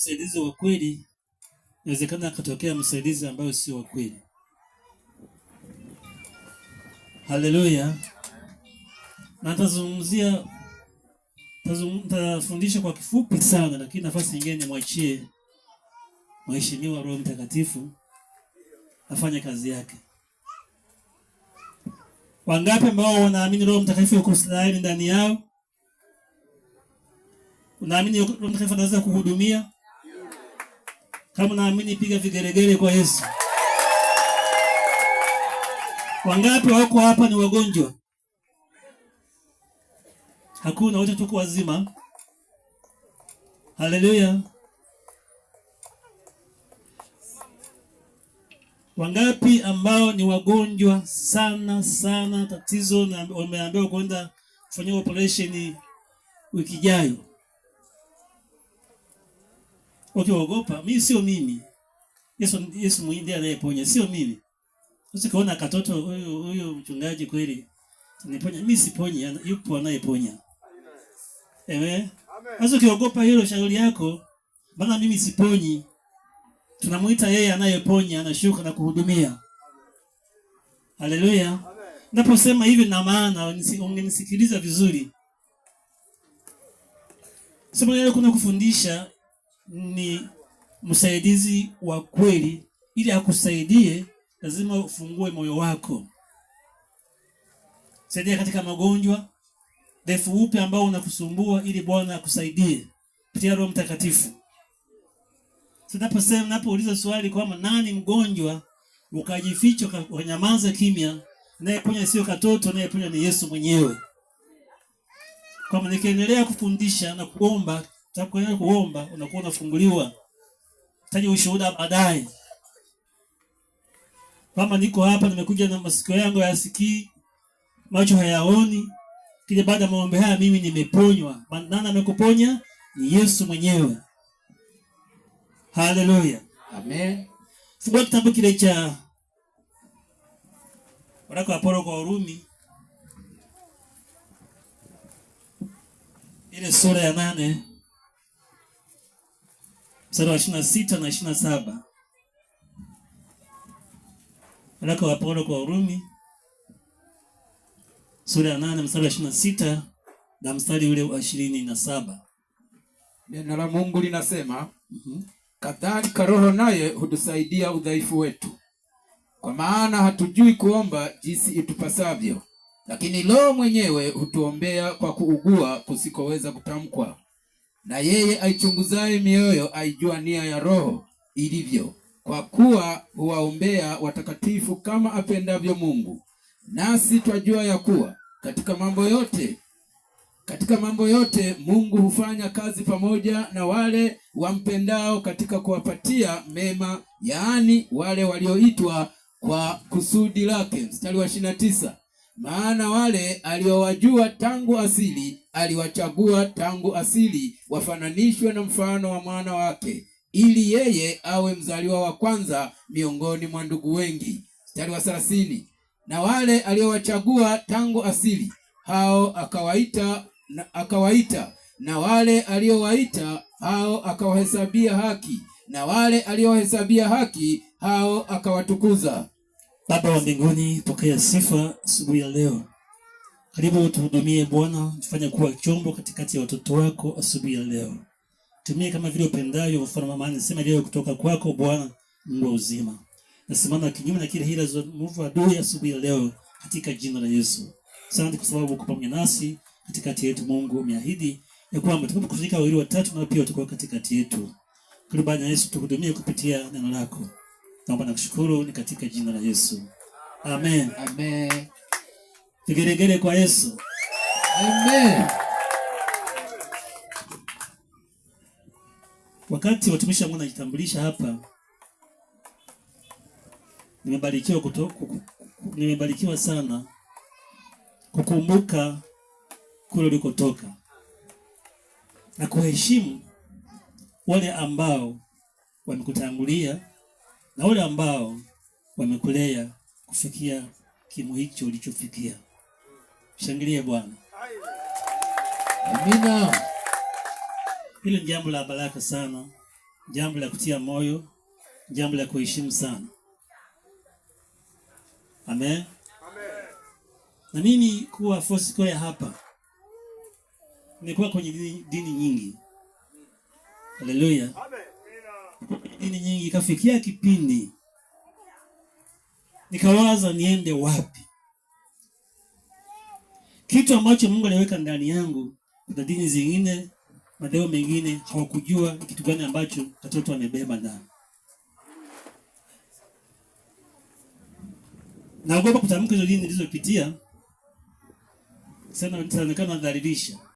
msaidizi wa kweli, inawezekana akatokea msaidizi ambayo sio wa kweli. Haleluya! na tazungumzia tafundisha kwa kifupi sana, lakini nafasi nyingine nimwachie Mheshimiwa Roho Mtakatifu afanye kazi yake. Wangapi ambao wanaamini Roho Mtakatifu yuko Israeli ndani yao? Unaamini Roho Mtakatifu anaweza kuhudumia? Kama naamini piga vigeregere kwa Yesu. Wangapi wako hapa ni wagonjwa? Hakuna, wote tuko wazima. Haleluya! Wangapi ambao ni wagonjwa sana sana, tatizo na wameambiwa kwenda kufanyia operation wiki ijayo? Ukiogopa mimi sio mimi. Yesu Yesu ndiye anayeponya, sio mimi. Usikaona katoto huyu huyu mchungaji kweli niponya, mimi siponyi, yupo anayeponya. Ewe, sasa ukiogopa hilo shauri yako, maana mimi siponyi. Tunamuita yeye anayeponya, anashuka na kuhudumia. Haleluya. Naposema hivi na maana ungenisikiliza vizuri. Sema leo kuna kufundisha ni msaidizi wa kweli. Ili akusaidie lazima ufungue moyo wako, saidia katika magonjwa, dhaifu upi ambao unakusumbua, ili Bwana akusaidie kupitia Roho Mtakatifu. Tunaposema, napouliza swali kwamba nani mgonjwa ukajificha ukanyamaza kimya, nayeponya sio katoto, nayeponya ni Yesu mwenyewe. Kwamba nikiendelea kufundisha na kuomba sasa yeye kuomba unakuwa unafunguliwa. Taji ushuhuda baadaye. Kama niko hapa nimekuja na masikio yangu hayasikii, macho hayaoni, kile baada ya maombi haya mimi nimeponywa. Nani amekuponya? Ni Yesu mwenyewe. Haleluya. Amen. Fungua kitabu kile cha Waraka wa Paulo kwa Warumi ile sura ya nane mstari wa ishirini na sita na ishirini na saba waraka wa Paulo kwa Warumi sura ya nane mstari wa ishirini na sita na mstari ule wa ishirini na saba neno la Mungu linasema mm -hmm. kadhalika Roho naye hutusaidia udhaifu wetu, kwa maana hatujui kuomba jinsi itupasavyo, lakini Roho mwenyewe hutuombea kwa kuugua kusikoweza kutamkwa na yeye aichunguzaye mioyo aijua nia ya Roho ilivyo, kwa kuwa huwaombea watakatifu kama apendavyo Mungu. Nasi twajua ya kuwa katika mambo yote katika mambo yote Mungu hufanya kazi pamoja na wale wampendao katika kuwapatia mema, yaani wale walioitwa kwa kusudi lake. Mstari wa ishirini na tisa maana wale aliowajua tangu asili aliwachagua tangu asili wafananishwe na mfano wa mwana wake, ili yeye awe mzaliwa wa kwanza miongoni mwa ndugu wengi. Mstari wa thelathini, na wale aliowachagua tangu asili hao akawaita na, akawaita na wale aliowaita hao akawahesabia haki, na wale aliowahesabia haki hao akawatukuza. Baba wa mbinguni, pokea sifa asubuhi ya leo. Karibu tuhudumie Bwana, tufanye kuwa chombo katikati ya watoto wako asubuhi ya leo. Tumie kama vile upendayo, mfano mama sema leo kutoka kwako Bwana Mungu wa uzima. Nasimama kinyume na kile hila za mwovu adui asubuhi ya leo katika jina la Yesu. Asante kwa sababu uko pamoja nasi katikati yetu. Mungu umeahidi ya kwamba tutakapokusanyika wawili watatu, na pia utakuwa katikati yetu. Karibu Bwana Yesu, tuhudumie kupitia neno lako. Naomba na kushukuru ni katika jina la Yesu. Amen. Amen. Vigeregere kwa Yesu. Amen. Wakati watumishi Mungu najitambulisha hapa, nimebarikiwa kutoka, nimebarikiwa sana kukumbuka kule ulikotoka na kuheshimu wale ambao wamekutangulia na wale ambao wamekulea kufikia kimo hicho ulichofikia. Shangilie Bwana. Amina. Hili ni jambo la baraka sana, jambo la kutia moyo, jambo la kuheshimu sana. Amen. Na mimi kuwa Foursquare hapa nimekuwa kwenye dini, dini nyingi. Haleluya. Amen dini nyingi. Ikafikia kipindi nikawaza niende wapi. Kitu ambacho Mungu aliweka ndani yangu, kuna dini zingine, madhehebu mengine hawakujua kitu gani ambacho watoto wamebeba ndani. Naogopa kutamka hizo dini nilizopitia sana, nitaonekana nadhalilisha.